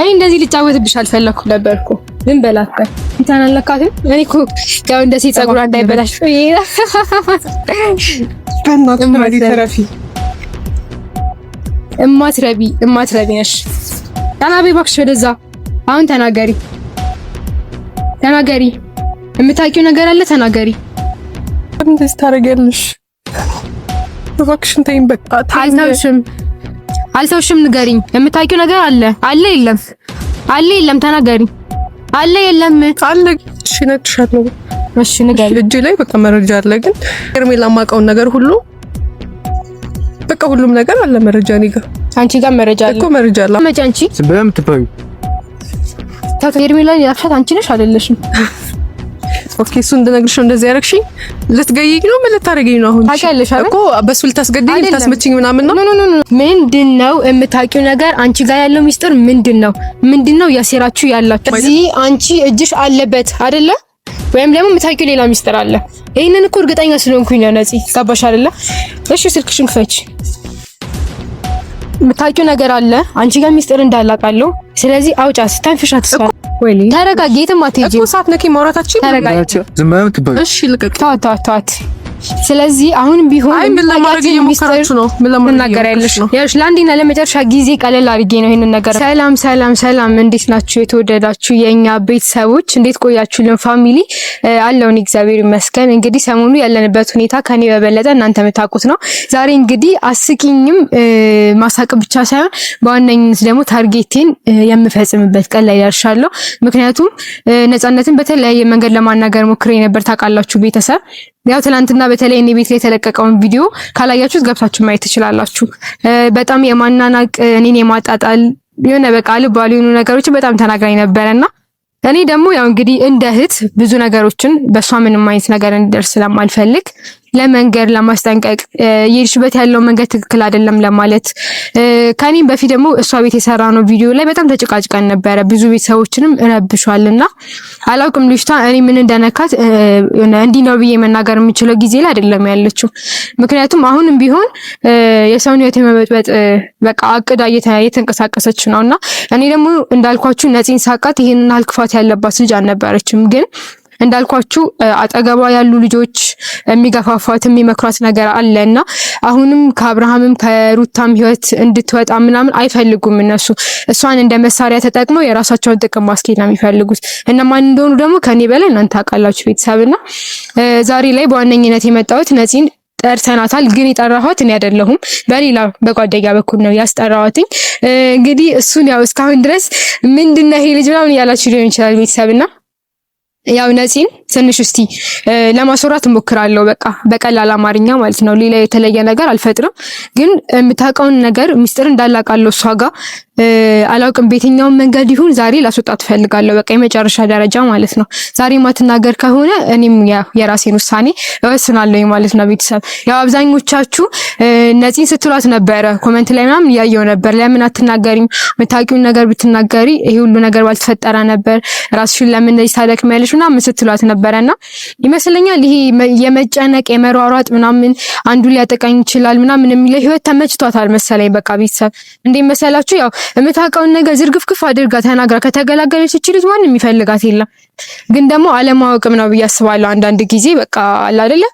እኔ እንደዚህ ልጫወትብሽ አልፈለኩም ነበርኩ። ምን በላከ በላት አለካትም። እኔ ኮ ያው እንደ ሴት ፀጉሯ እንዳይበላሽ እማትረቢ እማትረቢ ነሽ። ተናቤ እባክሽ ወደዛ አሁን ተናገሪ ተናገሪ። የምታውቂው ነገር አለ ተናገሪ። እንደዚህ ታደርጊያለሽ? እባክሽን ተይኝ በቃ አልተውሽም። አልተውሽም። ንገሪኝ፣ የምታውቂው ነገር አለ አለ የለም አለ የለም፣ ተናገሪኝ። አለ የለም አለ። እሺ ነው እሺ ንገሪ። እጅ ላይ በቃ መረጃ አለ፣ ግን ሄርሜላ የማውቀውን ነገር ሁሉ በቃ ሁሉም ነገር አለ መረጃ እኔ ጋር። አንቺ ጋር መረጃ አለ እኮ መረጃ አለ። አንቺ በምትባዩ ሄርሜላ ያልሻት አንቺ ነሽ አይደለሽም? ኦኬ እሱ እንደነግርሽ እንደዚህ ያደረግሽኝ። ልትገይኝ ነው ምን ልታደርገኝ ነው? አሁን ታውቂያለሽ እኮ በእሱ ልታስገድኝ ልታስመችኝ ምናምን ነው። ኖ ኖ ኖ ምንድን ነው የምታውቂው ነገር? አንቺ ጋር ያለው ሚስጥር ምንድን ነው? ምንድን ነው ያሴራችሁ ያላችሁ? እዚህ አንቺ እጅሽ አለበት አይደለ? ወይም ደግሞ የምታውቂው ሌላ ሚስጥር አለ። ይህንን እኮ እርግጠኛ ስለሆንኩኝ ነው። ነፂ ገባሽ አይደለ? እሺ ስልክሽን ክፈች። የምታውቂው ነገር አለ አንቺ ጋር ሚስጥር እንዳላቃለሁ። ስለዚህ አውጫ ስታንፍሻ ተስፋ ወይኔ ተረጋጊ። የትም አትሄጂም እኮ ሰዓት ነኪ ማውራታችን ተረጋጊ። ዝም ብለህ የምትባይው። እሺ ልቀቅ። ተዋት ተዋት ተዋት ስለዚህ አሁን ቢሆን አይ ምን ለማድረግ እየሞከራችሁ ነው? ምን ለማድረግ ነው? ለአንዴና ለመጨረሻ ጊዜ ቀለል አድርጌ ነው ይሄንን ነገር። ሰላም ሰላም ሰላም፣ እንዴት ናችሁ የተወደዳችሁ የኛ ቤተሰቦች? እንዴት ቆያችሁልን? ፋሚሊ አለውን? እግዚአብሔር ይመስገን። እንግዲህ ሰሞኑ ያለንበት ሁኔታ ከኔ በበለጠ እናንተ የምታውቁት ነው። ዛሬ እንግዲህ አስቂኝም ማሳቅ ብቻ ሳይሆን በዋነኝነት ደግሞ ታርጌቴን የምፈጽምበት ቀን ላይ ደርሻለሁ። ምክንያቱም ነጻነትን በተለያየ መንገድ ለማናገር ሞክሬ ነበር። ታውቃላችሁ ቤተሰብ ያው ትናንትና በተለይ እኔ ቤት ላይ የተለቀቀውን ቪዲዮ ካላያችሁት ገብታችሁ ማየት ትችላላችሁ። በጣም የማናናቅ እኔን የማጣጣል የሆነ በቃ ልባሉ የሆኑ ነገሮችን በጣም ተናግራኝ ነበረና እኔ ደግሞ ያው እንግዲህ እንደ እህት ብዙ ነገሮችን በእሷ ምንም አይነት ነገር እንዲደርስ ስለማልፈልግ ለመንገድ ለማስጠንቀቅ እየሄድሽበት ያለው መንገድ ትክክል አይደለም ለማለት ከኔም በፊት ደግሞ እሷ ቤት የሰራ ነው ቪዲዮ ላይ በጣም ተጨቃጭቀን ነበረ። ብዙ ቤተሰቦችንም እረብሿልና አላውቅም። ልጅቷ እኔ ምን እንደነካት እንዲህ ነው ብዬ መናገር የምችለው ጊዜ ላይ አይደለም ያለችው። ምክንያቱም አሁንም ቢሆን የሰውን ህይወት የመበጥበጥ በቃ አቅዳ እየተንቀሳቀሰች ነው እና እኔ ደግሞ እንዳልኳችሁ ነፂን ሳቃት ይሄንን አልክፋት ያለባት ልጅ አልነበረችም ግን እንዳልኳችሁ አጠገቧ ያሉ ልጆች የሚገፋፏት የሚመክሯት ነገር አለ እና አሁንም ከአብርሃምም ከሩታም ህይወት እንድትወጣ ምናምን አይፈልጉም እነሱ። እሷን እንደ መሳሪያ ተጠቅመው የራሳቸውን ጥቅም ማስኬድ ነው የሚፈልጉት እና ማን እንደሆኑ ደግሞ ከኔ በላይ እናንተ ቤተሰብ። ቤተሰብና ዛሬ ላይ በዋነኝነት የመጣሁት ነፂን ጠርተናታል ግን የጠራኋት እኔ አይደለሁም፣ በሌላ በጓደኛ በኩል ነው ያስጠራኋትኝ። እንግዲህ እሱን ያው እስካሁን ድረስ ምንድነው ይሄ ልጅ ምናምን እያላችሁ ሊሆን ይችላል ቤተሰብና ያው ነፂም ትንሽ እስቲ ለማስወራት እሞክራለሁ። በቃ በቀላል አማርኛ ማለት ነው። ሌላ የተለየ ነገር አልፈጥርም፣ ግን የምታውቀውን ነገር ሚስጥር እንዳላቃለሁ እሷ ጋር አላውቅም። ቤተኛውን መንገድ ይሁን ዛሬ ላስወጣት እፈልጋለሁ። በቃ የመጨረሻ ደረጃ ማለት ነው። ዛሬ ማትናገር ከሆነ እኔም የራሴን ውሳኔ እወስናለሁ ማለት ነው። ቤተሰብ ያው አብዛኞቻችሁ ነፂን ስትሏት ነበረ፣ ኮመንት ላይ ምናምን እያየው ነበር። ለምን አትናገሪም? የምታውቂውን ነገር ብትናገሪ ይሄ ሁሉ ነገር ባልተፈጠረ ነበር። ራስሽን ለምን ታደክሚያለሽ ምናምን ስትሏት ነበር ነበረና ይመስለኛል ይሄ የመጨነቅ የመሯሯጥ ምናምን አንዱ ሊያጠቃኝ ይችላል ምናምን የሚለው ህይወት ተመችቷታል መሰለኝ። በቃ ቤተሰብ እንዴት መሰላችሁ? ያው የምታውቀውን ነገር ዝርግፍግፍ አድርጋ ተናግራ ከተገላገለች እቺ ማንም የሚፈልጋት የለም። ግን ደግሞ አለማወቅም ነው ብዬ አስባለሁ። አንዳንድ ጊዜ በቃ አለ አይደለ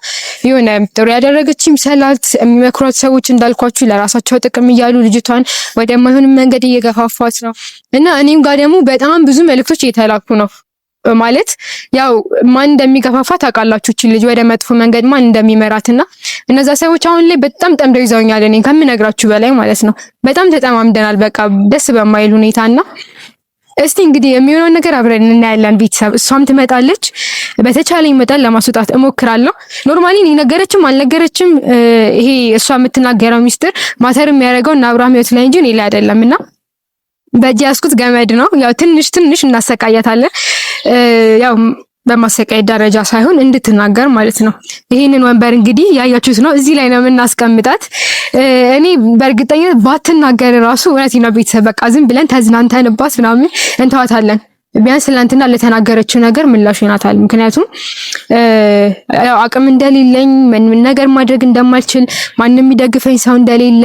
የሆነ ጥሩ ያደረገችም ሰላት የሚመክሯት ሰዎች እንዳልኳችሁ ለራሳቸው ጥቅም እያሉ ልጅቷን ወደማይሆንም መንገድ እየገፋፏት ነው እና እኔም ጋር ደግሞ በጣም ብዙ መልእክቶች እየተላኩ ነው። ማለት ያው ማን እንደሚገፋፋ ታውቃላችሁ። እቺ ልጅ ወደ መጥፎ መንገድ ማን እንደሚመራትና እነዛ ሰዎች አሁን ላይ በጣም ጠምደው ይዘውኛል፣ እኔ ከምነግራችሁ በላይ ማለት ነው። በጣም ተጠማምደናል፣ በቃ ደስ በማይል ሁኔታና እስቲ እንግዲህ የሚሆነውን ነገር አብረን እናያለን። ቤተሰብ እሷም ትመጣለች። በተቻለኝ መጠን ለማስወጣት እሞክራለሁ። ኖርማሊ ነገረችም አልነገረችም ይሄ እሷ የምትናገረው ሚስጥር ማተር የሚያደርገው እና አብርሃም ህይወት ላይ እንጂ እኔ ላይ አይደለም። እና በእጅ ያስኩት ገመድ ነው። ያው ትንሽ ትንሽ እናሰቃያታለን። ያው በማሰቃየት ደረጃ ሳይሆን እንድትናገር ማለት ነው። ይህንን ወንበር እንግዲህ ያያችሁት ነው። እዚህ ላይ ነው የምናስቀምጣት። እኔ በእርግጠኝነት ባትናገር ራሱ እውነት ነው ቤተሰብ በቃ ዝም ብለን ተዝናንተንባት ምናምን እንተዋታለን። ቢያንስ ትናንትና ለተናገረችው ነገር ምላሽ ይሆናታል። ምክንያቱም ያው አቅም እንደሌለኝ ምን ነገር ማድረግ እንደማልችል ማንም የሚደግፈኝ ሰው እንደሌለ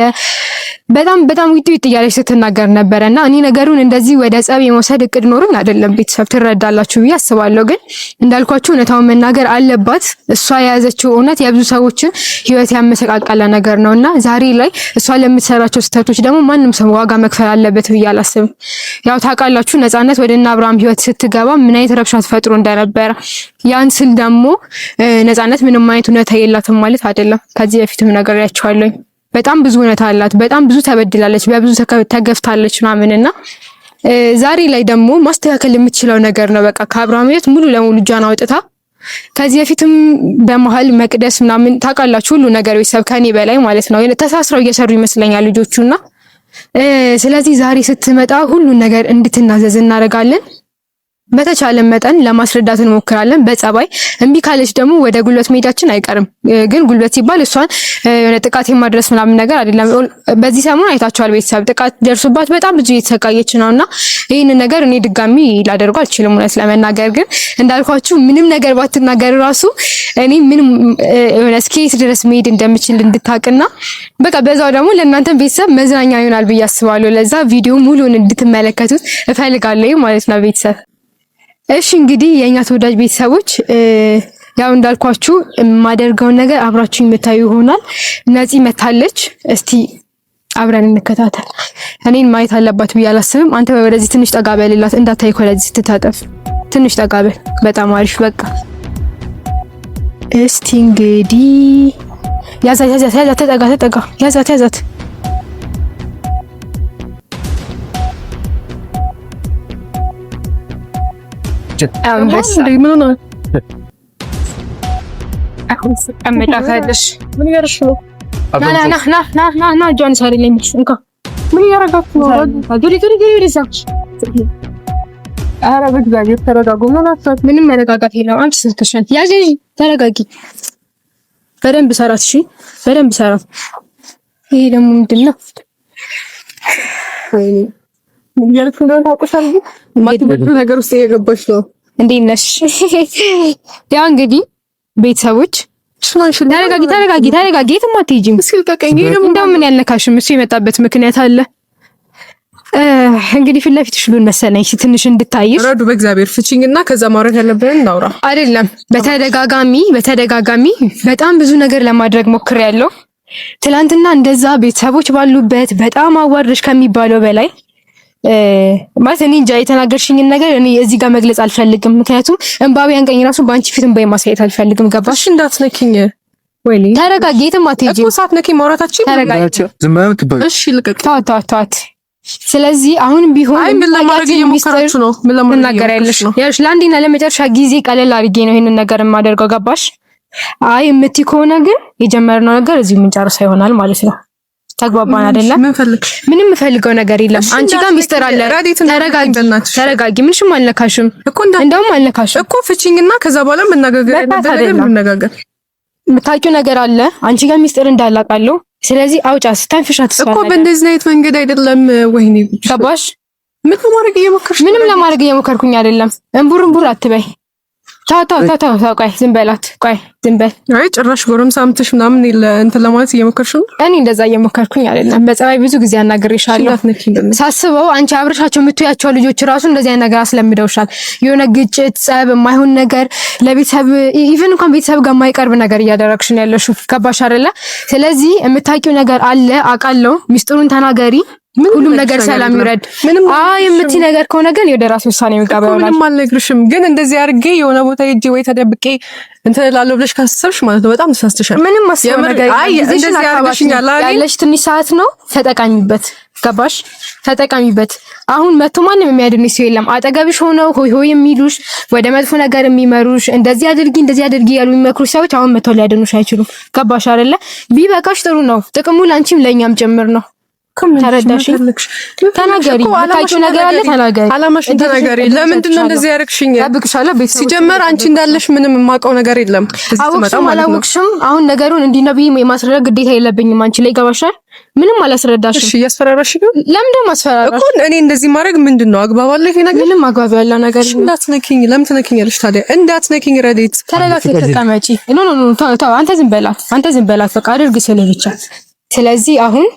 በጣም በጣም ውጥ ውጥ እያለች ስትናገር ነበረ እና እኔ ነገሩን እንደዚህ ወደ ጸብ የመውሰድ እቅድ ኖሮኝ አይደለም። ቤተሰብ ትረዳላችሁ ብዬ አስባለሁ። ግን እንዳልኳችሁ እውነታውን መናገር አለባት። እሷ የያዘችው እውነት የብዙ ሰዎችን ሕይወት ያመሰቃቀለ ነገር ነው እና ዛሬ ላይ እሷ ለምትሰራቸው ስህተቶች ደግሞ ማንም ሰው ዋጋ መክፈል አለበት ብዬ አላስብም። ያው ታውቃላችሁ ወደ ወደና አብርሃም ህይወት ስትገባ ምን አይነት ረብሻ ተፈጥሮ እንደነበረ ያን ስል ደግሞ ነፃነት ምንም አይነት እውነታ የላትም ማለት አይደለም። ከዚህ በፊትም ነግሬያቸዋለሁ። በጣም ብዙ እውነታ አላት። በጣም ብዙ ተበድላለች፣ በብዙ ተገፍታለች ምናምን እና ዛሬ ላይ ደግሞ ማስተካከል የምትችለው ነገር ነው። በቃ ከአብርሃም ህይወት ሙሉ ለሙሉ እጇን አውጥታ ከዚህ በፊትም በመሀል መቅደስ ምናምን ታውቃላችሁ፣ ሁሉ ነገር ቤተሰብ ከኔ በላይ ማለት ነው ተሳስረው እየሰሩ ይመስለኛል ልጆቹና። ስለዚህ ዛሬ ስትመጣ ሁሉን ነገር እንድትናዘዝ እናደርጋለን። በተቻለን መጠን ለማስረዳት እንሞክራለን። በጸባይ እምቢ ካለች ደግሞ ወደ ጉልበት መሄዳችን አይቀርም። ግን ጉልበት ሲባል እሷን የሆነ ጥቃት የማድረስ ምናምን ነገር አይደለም። በዚህ ሰሞን አይታችኋል፣ ቤተሰብ ጥቃት ደርሱባት በጣም ብዙ እየተሰቃየች ነው እና ይህንን ነገር እኔ ድጋሚ ላደርጉ አልችልም፣ እውነት ለመናገር ግን እንዳልኳችሁ ምንም ነገር ባትናገር ራሱ እኔ ምንም የሆነ ስኬት ድረስ መሄድ እንደምችል እንድታቅና በቃ በዛው ደግሞ ለእናንተ ቤተሰብ መዝናኛ ይሆናል ብዬ አስባለሁ። ለዛ ቪዲዮ ሙሉን እንድትመለከቱት እፈልጋለሁ ማለት ነው ቤተሰብ እሺ እንግዲህ የእኛ ተወዳጅ ቤተሰቦች ያው እንዳልኳችሁ የማደርገውን ነገር አብራችሁ የምታዩ ይሆናል። ነፂ መታለች። እስቲ አብረን እንከታተል። እኔን ማየት አለባት ብዬ አላስብም። አንተ ወደዚህ ትንሽ ጠጋ በልላት፣ እንዳታይ ኮለጅ ስትታጠፍ ትንሽ ጠጋ በል። በጣም አሪፍ። በቃ እስቲ እንግዲህ ያዛት ያዛት ያዛት ተጠጋ ተጠጋ ያዛት ያዛት ልጆችን ቀመጫታለሽ ምን እያደረግሽ ነው? ተረጋጊ። በደንብ ሰራት፣ እሺ በደንብ ሰራት። ይሄ ደግሞ ምንድን ነው? እያለች እንደሆነ ነገር ውስጥ እየገባች ነው። እንዴት ነሽ? ያው እንግዲህ ቤተሰቦች ተረጋጊ፣ ተረጋጊ፣ ተረጋጊ። የትም አትሄጂም። እንደውም ምን ያልነካሽም እሱ የመጣበት ምክንያት አለ። እንግዲህ ፊት ለፊት ሽሉን መሰለኝ ትንሽ እንድታይሽ ረዱ። በእግዚአብሔር ፍቺኝ እና ከዛ ማውራት ያለብን እናውራ። አይደለም በተደጋጋሚ በተደጋጋሚ በጣም ብዙ ነገር ለማድረግ ሞክሬያለሁ። ትናንትና እንደዛ ቤተሰቦች ባሉበት በጣም አዋርደሽ ከሚባለው በላይ ማለት እኔ እንጃ የተናገርሽኝን ነገር እኔ እዚህ ጋር መግለጽ አልፈልግም። ምክንያቱም እንባቢ ያንቀኝ ራሱ በአንቺ ፊትም በይ ማሳየት አልፈልግም። ገባሽ? እንዳትነኪኝ ወይ ተረጋጊ። የትም አትሄጂም እኮ ሳትነኪኝ ማውራታችን ተረጋጊ። ዝም ብለህ ትበይ። እሺ ልቀቅ። ተዋት ተዋት ተዋት። ስለዚህ አሁን ቢሆን አይ ምን ለማድረግ እየሞከራችሁ ነው? ምን ለማድረግ ነገር ያለሽ ነው? ያሽ ለአንዴና ለመጨረሻ ጊዜ ቀለል አድርጌ ነው ይሄንን ነገር የማደርገው። ገባሽ? አይ የምትይ ከሆነ ግን የጀመርነው ነገር እዚሁ የምንጨርሰው ይሆናል ማለት ነው። ተግባባን አይደለም? ምንም ፈልገው ነገር የለም። አንቺ ጋር ሚስጥር አለ። ተረጋጊ፣ ተረጋጊ። ምንሽም አልነካሽም እኮ እንደውም አልነካሽም እኮ ፍቺኝና ከዛ በኋላ መነጋገር አይደለም መነጋገር የምታውቂው ነገር አለ። አንቺ ጋር ሚስጥር እንዳላቃለው። ስለዚህ አውጫ ስታንፍሻት እኮ በእንደዚህ አይነት መንገድ አይደለም። ወይኔ ገባሽ? ምን ለማድረግ እየሞከርሽ? ምንም ለማድረግ እየሞከርኩኝ አይደለም። እንቡር እንቡር አትበይ። ታው ታው ታው ቆይ ዝም በላት። ቆይ ዝም በል። አይ ጭራሽ ጎረምሳ አምጥሽ ምናምን እንትን ለማለት እየሞከርሽ ነው። እኔ እንደዛ እየሞከርኩኝ አይደለም። በጸባይ ብዙ ጊዜ አናግሬሻለሁ። ሳስበው አንቺ አብረሻቸው የምትያቸው ልጆች ራሱ እንደዚህ አይነት ነገር አስለምደውሻል። የሆነ ግጭት፣ ጸብ፣ የማይሆን ነገር ለቤተሰብ ኢቭን እንኳን ቤተሰብ ጋር የማይቀርብ ነገር እያደረግሽ ነው ያለሽው። ገባሽ አይደለ? ስለዚህ የምታውቂው ነገር አለ አውቃለሁ። ሚስጥሩን ተናገሪ ሁሉም ነገር ሰላም ይውረድ። ምንም የምትይ ነገር ከሆነ ግን ወደ ራስ ውሳኔ መጋቢያ ሆናል። ምንም አልነግርሽም፣ ግን እንደዚህ አድርጌ የሆነ ቦታ ሄጄ ወይ ተደብቄ እንትን እላለሁ ብለሽ ካሰብሽ ማለት ነው በጣም ተሳስተሻል። ምንም ማስበው ነገር ያለሽ ትንሽ ሰዓት ነው፣ ተጠቃሚበት። ገባሽ? ተጠቃሚበት። አሁን መቶ ማንም የሚያድን ሰው የለም። አጠገብሽ ሆነው ሆይ ሆይ የሚሉሽ ወደ መጥፎ ነገር የሚመሩሽ እንደዚህ አድርጊ እንደዚህ አድርጊ ያሉ የሚመክሩ ሰዎች አሁን መቶ ሊያድኑሽ አይችሉም። ገባሽ አይደለ? ቢበቃሽ ጥሩ ነው። ጥቅሙ ላንቺም ለእኛም ጭምር ነው። ተረዳሽኝ? ተናገሪ፣ ነገር አለ ተናገሪ፣ አላማሽን ተናገሪ። ለምንድን ነው እንደዚህ ያደረግሽኝ? ሲጀመር አንቺ እንዳለሽ ምንም የማውቀው ነገር የለም። አሁን ነገሩን እንዲህ ነው ብዬሽ ግዴታ የለብኝም። አንቺ ላይ ይገባሻል። ምንም አላስረዳሽም። እሺ፣ እያስፈራራሽ ነው። ለምን ደግሞ አስፈራራሽ እኮ እኔ እንደዚህ ማድረግ ምንድን ነው አግባብ አለ? ይሄ ነገር ምንም አግባብ ያለው ነገር ነው። እንዳትነኪኝ። ለምን ትነኪኛለሽ ታዲያ? እንዳትነኪኝ። ረዴት ተረጋግተሽ ተቀመጪ። ኖ ኖ ኖ፣ አንተ ዝም በላት፣ አንተ ዝም በላት። በቃ አድርግ ስልህ ብቻ። ስለዚህ አሁን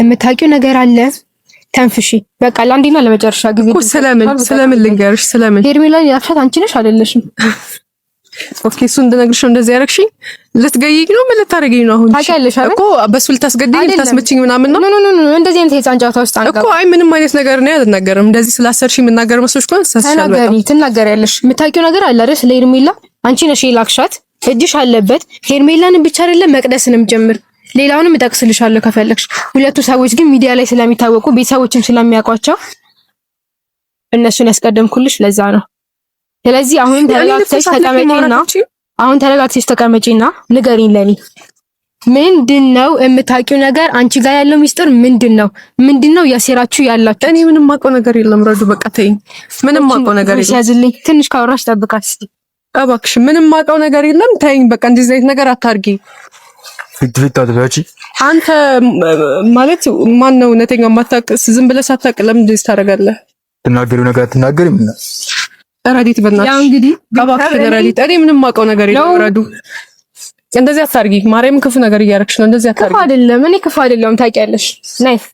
የምታውቂው ነገር አለ ተንፍሺ። በቃ ለአንዴና ለመጨረሻ ጊዜ ስለምን ስለምን ልንገርሽ? ስለምን ሄርሜላን ያልሻት አንቺ ነሽ አይደለሽም? ኦኬ እሱ እንደነግርሽ እንደዚህ ያደረግሽኝ ልትገይኝ ነው? ምን ልታደርገኝ ነው? አሁን ታውቂያለሽ አይደል እኮ በእሱ ልታስገድኝ ልታስመችኝ ምናምን ነው። ኖ ኖ ኖ፣ እንደዚህ አይነት የሕፃን ጨዋታ ውስጥ አንገባም እኮ። አይ ምንም አይነት ነገር ነው አልናገርም። እንደዚህ ስላሰርሽ የምናገር መስሎሽ ከሆነ ተናገሪ፣ ትናገሪያለሽ። የምታውቂው ነገር አለ አይደል ስለ ሄርሜላ አንቺ ነሽ የላክሻት፣ እጅሽ አለበት። ሄርሜላንን ብቻ አይደለም መቅደስንም ጀምር ሌላውንም እጠቅስልሻለሁ ከፈለግሽ። ሁለቱ ሰዎች ግን ሚዲያ ላይ ስለሚታወቁ ቤተሰቦችም ስለሚያውቋቸው እነሱን ያስቀደምኩልሽ ለዛ ነው። ስለዚህ አሁን ተረጋግተሽ ተቀመጪና አሁን ተረጋግተሽ ተቀመጪና ንገሪኝ ለኔ ምንድን ነው የምታውቂው ነገር? አንቺ ጋር ያለው ሚስጥር ምንድን ነው? ምንድን ነው ያሴራችሁ ያላችሁ? እኔ ምንም አውቀው ነገር የለም። ረዱ በቃ ተይ፣ ምንም አውቀው ነገር የለም። ያዝልኝ። ትንሽ ካወራሽ ጠብቃ እስኪ እባክሽ። ምንም አውቀው ነገር የለም። ተይኝ በቃ። እንደዚህ አይነት ነገር አታርጊ። ፊት ፊት አንተ ማለት ማን ነው? እውነተኛ ማታውቅ ዝም ብለህ ሳታቅ ለምን ደስ ታደርጋለህ? ትናገሪው ነገር አትናገሪም። እና ረዲት በእናትሽ ያው እንግዲህ እባክህ ረዲት፣ እኔ ምንም የማውቀው ነገር የለም። ረዱ እንደዚህ አታርጊ። ማርያም ክፉ ነገር እያደረግሽ ነው። እንደዚህ አታርጊ። ክፉ አይደለም፣ እኔ ክፉ አይደለም። ታውቂያለሽ። ናይስ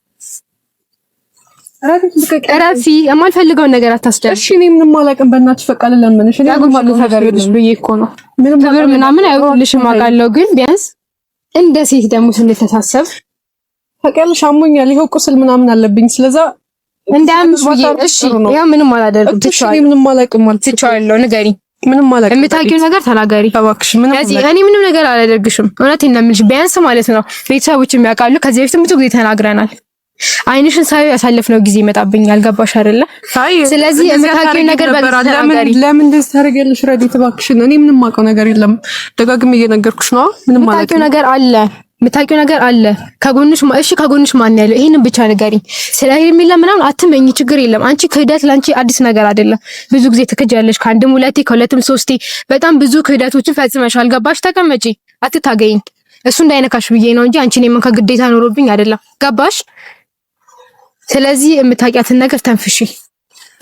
እረፊ። የማልፈልገውን ነገር አታስደርግ። እሺ እኔ ምንም አላውቅም። በእናትሽ በቃ ልለምንሽ፣ እኔ ምንም ነገር ብዬሽ እኮ ነው። ምንም ክብር ምናምን አይሆንልሽም አውቃለሁ፣ ግን ቢያንስ እንደ ሴት ደግሞ ስንተሳሰብ ፈቀል ሻሞኛል፣ ይኸው ቁስል ምናምን አለብኝ። ስለዛ እሺ፣ ምንም ትቻለሁ፣ ምንም ትቻለሁ፣ ምንም ነገር ምንም እኔ ምንም ነገር አላደርግሽም። እውነቴን ነው የምልሽ። ቢያንስ ማለት ነው ቤተሰቦች የሚያውቃሉ። ከዚህ በፊት ብዙ ጊዜ ተናግረናል። አይንሽን ሳዩ ያሳለፍነው ጊዜ ይመጣብኛል። ገባሽ አይደለ? ስለዚህ የምታውቂው ነገር ለምን እንደዚህ ታደርጊያለሽ? ረዴት እባክሽን፣ እኔ ምንም አውቀው ነገር የለም። ደጋግሜ እየነገርኩሽ ነው። ምንም ማለት ነገር አለ የምታውቂው ነገር አለ። ከጎንሽ እሺ፣ ከጎንሽ ማን ያለው? ይሄንን ብቻ ንገሪኝ። ስለ ሄርሜላ ምናምን አትመኝ፣ ችግር የለም። አንቺ ክህደት ለአንቺ አዲስ ነገር አይደለም። ብዙ ጊዜ ትክጃለሽ። ከአንድም ሁለቴ፣ ከሁለትም ሶስቴ፣ በጣም ብዙ ክህደቶችን ፈጽመሻል። ገባሽ? ተቀመጪ፣ አትታገይኝ። እሱ እንዳይነካሽ ብዬ ነው እንጂ አንቺ የመንካ ከግዴታ ኖሮብኝ አይደለም። ገባሽ? ስለዚህ የምታውቂያትን ነገር ተንፍሺ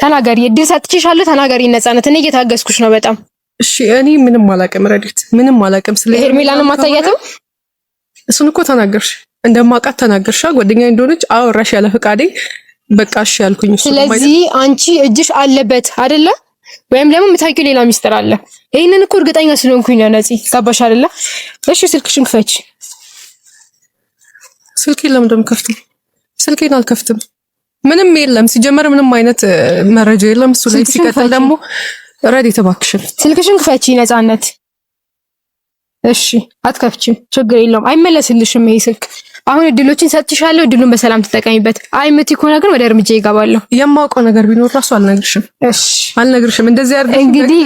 ተናገሪ። እድል ሰጥቼሻለሁ፣ ተናገሪ ነፃነት። እኔ እየታገዝኩሽ ነው በጣም እሺ። እኔ ምንም አላውቅም ረዲት፣ ምንም አላውቅም። ስለዚህ ሄርሜላንም ማታያትም እሱን እኮ ተናገርሽ፣ እንደማውቃት ተናገርሽ፣ ጓደኛ እንደሆነች አወራሽ ያለ ፈቃዴ። በቃ እሺ ያልኩኝ። ስለዚህ አንቺ እጅሽ አለበት አይደለ? ወይም ደግሞ የምታውቂው ሌላ ሚስጥር አለ። ይህንን እኮ እርግጠኛ ስለሆንኩኝ ነው። ነፂ ገባሽ አይደለ? እሺ ስልክሽን ክፈች። ስልኬን ለምን እንደምከፍተው? ስልኬን አልከፍትም። ምንም የለም። ሲጀመር ምንም አይነት መረጃ የለም እሱ ላይ። ሲቀጥል ደግሞ ረዴት እባክሽን ስልክሽን ክፈቺ ነፃነት። እሺ አትከፍቺም፣ ችግር የለውም አይመለስልሽም ይሄ ስልክ። አሁን እድሎችን ሰጥሻለሁ፣ እድሉን በሰላም ትጠቀሚበት። አይ ምት ከሆነ ግን ወደ እርምጃ ይገባለሁ። የማውቀው ነገር ቢኖር ራሱ አልነግርሽም፣ አልነግርሽም። እንደዚህ አድርገሽ እንግዲህ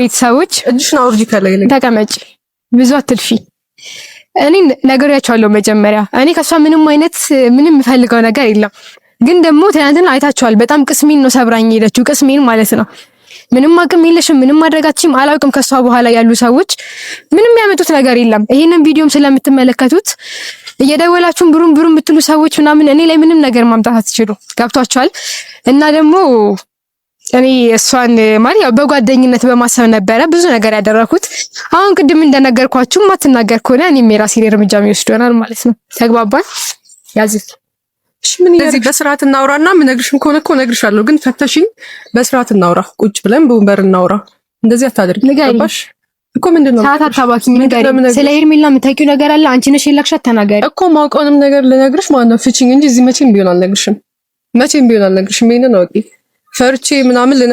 ቤተሰቦች እጅሽን አውርጂ፣ ከላይ ተቀመጪ። ብዙ አትልፊ። እኔ ነግሬያቸዋለሁ መጀመሪያ። እኔ ከሷ ምንም አይነት ምንም የምፈልገው ነገር የለም ግን ደግሞ ትናንትና አይታችኋል። በጣም ቅስሜን ነው ሰብራኝ ሄደችው። ቅስሜን ማለት ነው። ምንም አቅም የለሽም፣ ምንም ማድረጋችም አላውቅም። ከሷ በኋላ ያሉ ሰዎች ምንም ያመጡት ነገር የለም። ይሄንን ቪዲዮም ስለምትመለከቱት እየደወላችሁን ብሩም ብሩም የምትሉ ሰዎች ምናምን እኔ ላይ ምንም ነገር ማምጣት አትችሉ። ገብቷችኋል። እና ደግሞ እኔ እሷን ማለት ያው በጓደኝነት በማሰብ ነበረ ብዙ ነገር ያደረኩት። አሁን ቅድም እንደነገርኳችሁ ማትናገር ከሆነ እኔም የራሴን እርምጃ ይወስድ ይሆናል ማለት ነው። ተግባባን ያዝት እዚህ በስርዓት እናውራ እናውራና ምነግርሽም ከሆነ እኮ እነግርሻለሁ፣ ግን ፈተሽኝ። በስርዓት እናውራ፣ ቁጭ ብለን በወንበር እናውራ። እንደዚህ አታድርጊ። ገባሽ እኮ ምንድን ነው ሰዓት አታባኪ። ስለ ሄርሜላ የምታውቂው ነገር አለ? አንቺ ነሽ የላክሻት? ተናገሪ እኮ ማውቀውንም ነገር ልነግርሽ ማለት ነው። ፍቺኝ እንጂ እዚህ መቼም ቢሆን አልነግርሽም። መቼም ቢሆን አልነግርሽም። ይሄንን አውቂ። ፈርቼ ምናምን ልነ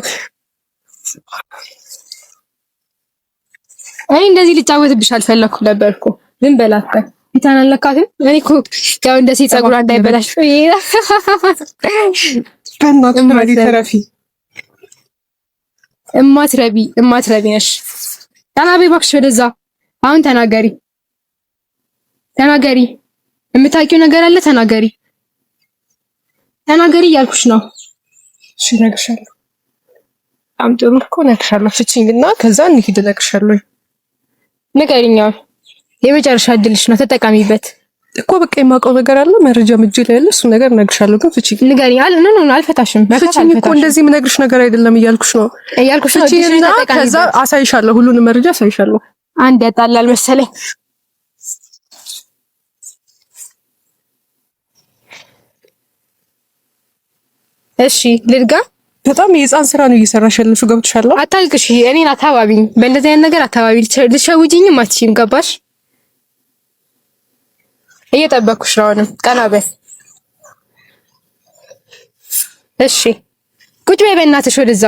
እኔ እንደዚህ ልጫወትብሽ አልፈለኩም ነበር እኮ ግን በላታ ፊቷን አልነካትም። እኔ እኮ ያው እንደዚህ ፀጉሯ እንዳይበላሽ እማትረቢ እማትረቢ ነሽ። ተናበይ እባክሽ ወደዛ። አሁን ተናገሪ ተናገሪ። የምታውቂው ነገር አለ ተናገሪ ተናገሪ እያልኩሽ ነው። እሺ እነግርሻለሁ። በጣም ጥሩ እኮ እነግርሻለሁ። ፍቺኝ እና ከዛ እንሂድ። እነግርሻለሁ። ንገሪኛው የመጨረሻ እድልሽ ነው፣ ተጠቃሚበት። እኮ በቃ የማውቀው ነገር አለ፣ መረጃ ምጅ ላይ ያለ እሱ ነገር እነግርሻለሁ። ግን ፍቺ ንገሪ። አልፈታሽም። ፍቺኝ እኮ እንደዚህ የምነግርሽ ነገር አይደለም እያልኩሽ ነው እያልኩሽ ነው። ፍቺና ከዛ አሳይሻለሁ፣ ሁሉንም መረጃ አሳይሻለሁ። አንድ ያጣላል መሰለኝ። እሺ ልድጋ። በጣም የህፃን ስራ ነው እየሰራሽ ያለሽው። ገብቶሻል። አታልቅሽ። እኔን አታባቢኝ፣ በእንደዚህ አይነት ነገር አታባቢ። ልሸውጅኝም አትችይም። ገባሽ? እየጠበኩሽ ነው። አሁንም ቀና በይ እሺ። ቁጭ በይ በእናትሽ። ወደዛ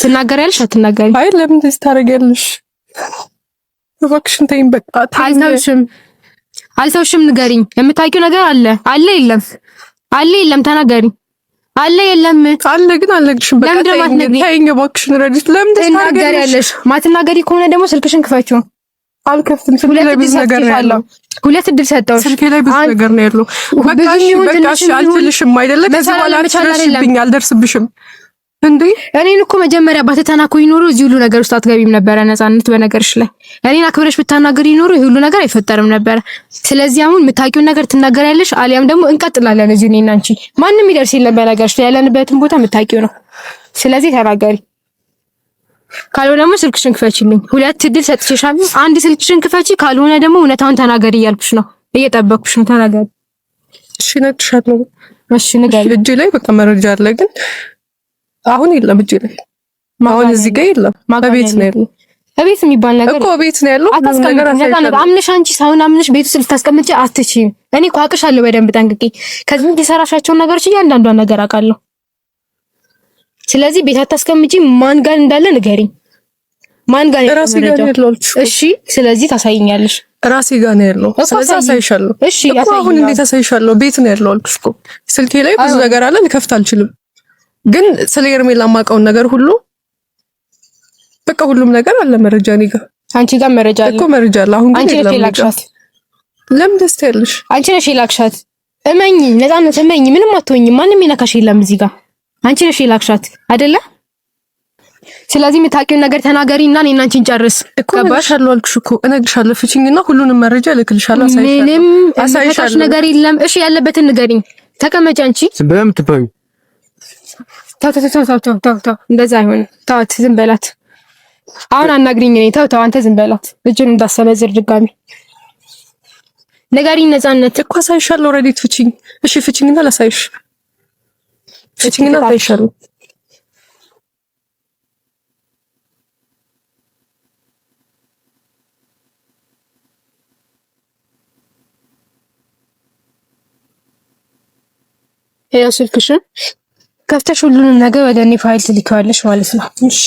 ስናገር ትናገሪያለሽ አትናገሪ። አይ ለምን ደስ ታደርጊያለሽ? እባክሽን ተይኝ በቃ። አልተውሽም፣ አልተውሽም። ንገሪኝ። የምታውቂው ነገር አለ አለ የለም አለ የለም ተናገሪ። አለ የለም አለ ግን አልነግርሽም። በቃ ታይኝ እባክሽን። ረዲት ለምን ደስ ታደርጊያለሽ? ማትናገሪ ከሆነ ደግሞ ስልክሽን ክፈችው። አልከፍትም። ስልኬ ላይ ብዙ ነገር ነው ያለው። ሁለት እድል ላይ ብዙ ነገር ነው ያለው። በቃ እሺ፣ በቃ እሺ፣ አልችልሽም አይደለ? ከዚህ በኋላ አልደርስብሽም። እንዴ እኔን እኮ መጀመሪያ ባትተናኮኝ ኖሮ እዚህ ሁሉ ነገር ውስጥ አትገቢም ነበረ። ነፃነት፣ በነገርሽ ላይ እኔን አክብረሽ ብታናገሪ ኖሮ ይህ ሁሉ ነገር አይፈጠርም ነበረ። ስለዚህ አሁን የምታውቂውን ነገር ትናገሪያለሽ፣ አሊያም ደግሞ እንቀጥላለን እኔና አንቺ። ማንም ይደርስ የለም በነገርሽ ላይ ያለንበትን ቦታ የምታውቂው ነው። ስለዚህ ተናገሪ። ካልሆነ ደግሞ ስልክሽን ክፈችልኝ። ሁለት እድል ሰጥቼሻለሁ። አንድ ስልክሽን ክፈቺ፣ ካልሆነ ደግሞ እውነታውን ተናገሪ እያልኩሽ ነው። እየጠበቅኩሽ ነው። ተናገሪ። እሺ ነግሬሻለሁ። እሺ ንገሪ። እጄ ላይ በቃ መረጃ አለ፣ ግን አሁን የለም እጅ ላይ አሁን እዚህ ጋር የለም። በቤት ነው ያለው። እቤት የሚባል ነገር እኮ ቤት ነው ያለው። አታስቀምጥ። አምነሽ አንቺ ሳይሆን አምነሽ ቤት ውስጥ ልታስቀምጪ አትችይም። እኔ እኮ አውቅሻለሁ በደንብ ጠንቅቄ። ከዚህ የሰራሻቸውን ነገሮች እያንዳንዷን ነገር አውቃለሁ። ስለዚህ ቤት አታስቀምጪ። ማን ጋር እንዳለ ንገሪኝ። ማን ጋር ራሴ ጋር ያለው። እሺ፣ ስለዚህ ታሳይኛለሽ። ራሴ ጋር ነው ያለው። ስለዚህ አሳይሻለሁ። እሺ፣ አሁን እንዴት አሳይሻለሁ? ቤት ነው ያለው አልኩሽ እኮ። ስልኬ ላይ ብዙ ነገር አለ፣ ልከፍት አልችልም። ግን ስለ ሄርሜላ የማውቀውን ነገር ሁሉ በቃ ሁሉም ነገር አለ መረጃ እኔ ጋር። አንቺ ጋር መረጃ አለ እኮ መረጃ አለ። አሁን ግን ለምን ደስ ያለሽ? አንቺ ነሽ የላክሻት። እመኝ ነፃነት፣ እመኝ ምንም አትሆኝም። ማንም የነካሽ የለም እዚህ ጋር አንቺ ነሽ የላክሻት አይደለ? ስለዚህ የምታውቂውን ነገር ተናገሪ እና እኔና አንቺን ጨርስ እኮ እነግርሻለሁ። አልኩሽ እኮ እነግርሻለሁ። ፍቺኝ እና ሁሉንም መረጃ እልክልሻለሁ። ምንም አሳይሻለሁ ነገር የለም። እሺ ያለበትን ንገሪኝ። ተቀመጪ አንቺ በምትባዩ ተው ተው ተው ተው ተው ተው፣ እንደዛ አይሆንም። ተዋት፣ ዝም በላት። አሁን አናግሪኝ። እኔ ተው ተው፣ አንተ ዝም በላት። ልጁን እንዳሰበዝር ድጋሚ ንገሪኝ። ነፃነት እኮ አሳይሻለሁ። ኦልሬዲ ፍቺኝ። እሺ ፍቺኝ እና ላሳይሽ ፊቲንግ ነው ፌሻል ያው ስልክሽን ከፍተሽ ሁሉንም ነገር ወደ እኔ ፋይል ትልኪዋለሽ ማለት ነው። እሺ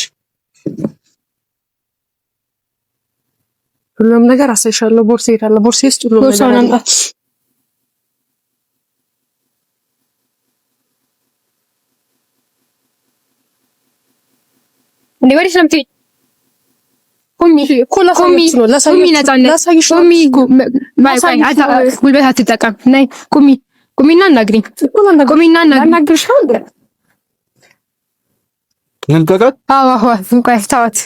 ሁሉንም ነገር አሳይሻለሁ። ቦርሴ የት ቦርሴ ውስጥ ሁሉም ነገር እንዴ ወዴት ነው የምትሄጂው? ቁሚ ቁሚ ቁሚ ነፃነት ቁሚ ጉልበት አትጠቀም። ነይ ቁሚ ቁሚና እናግሪኝ። ቁሚና እናግሪሽ ነው አዎ አዎ እንኳን ታውት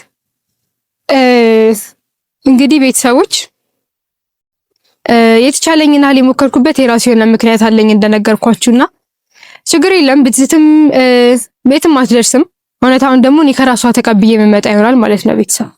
እንግዲህ ቤተሰቦች የተቻለኝን ያህል የሞከርኩበት የራሱ የሆነ ምክንያት አለኝ እንደነገርኳችሁና ችግር የለም ብትዝትም ቤትም አትደርስም። እውነታውን ደግሞ እኔ ከራሷ ተቀብዬ የምመጣ ይሆናል ማለት ነው ቤተሰብ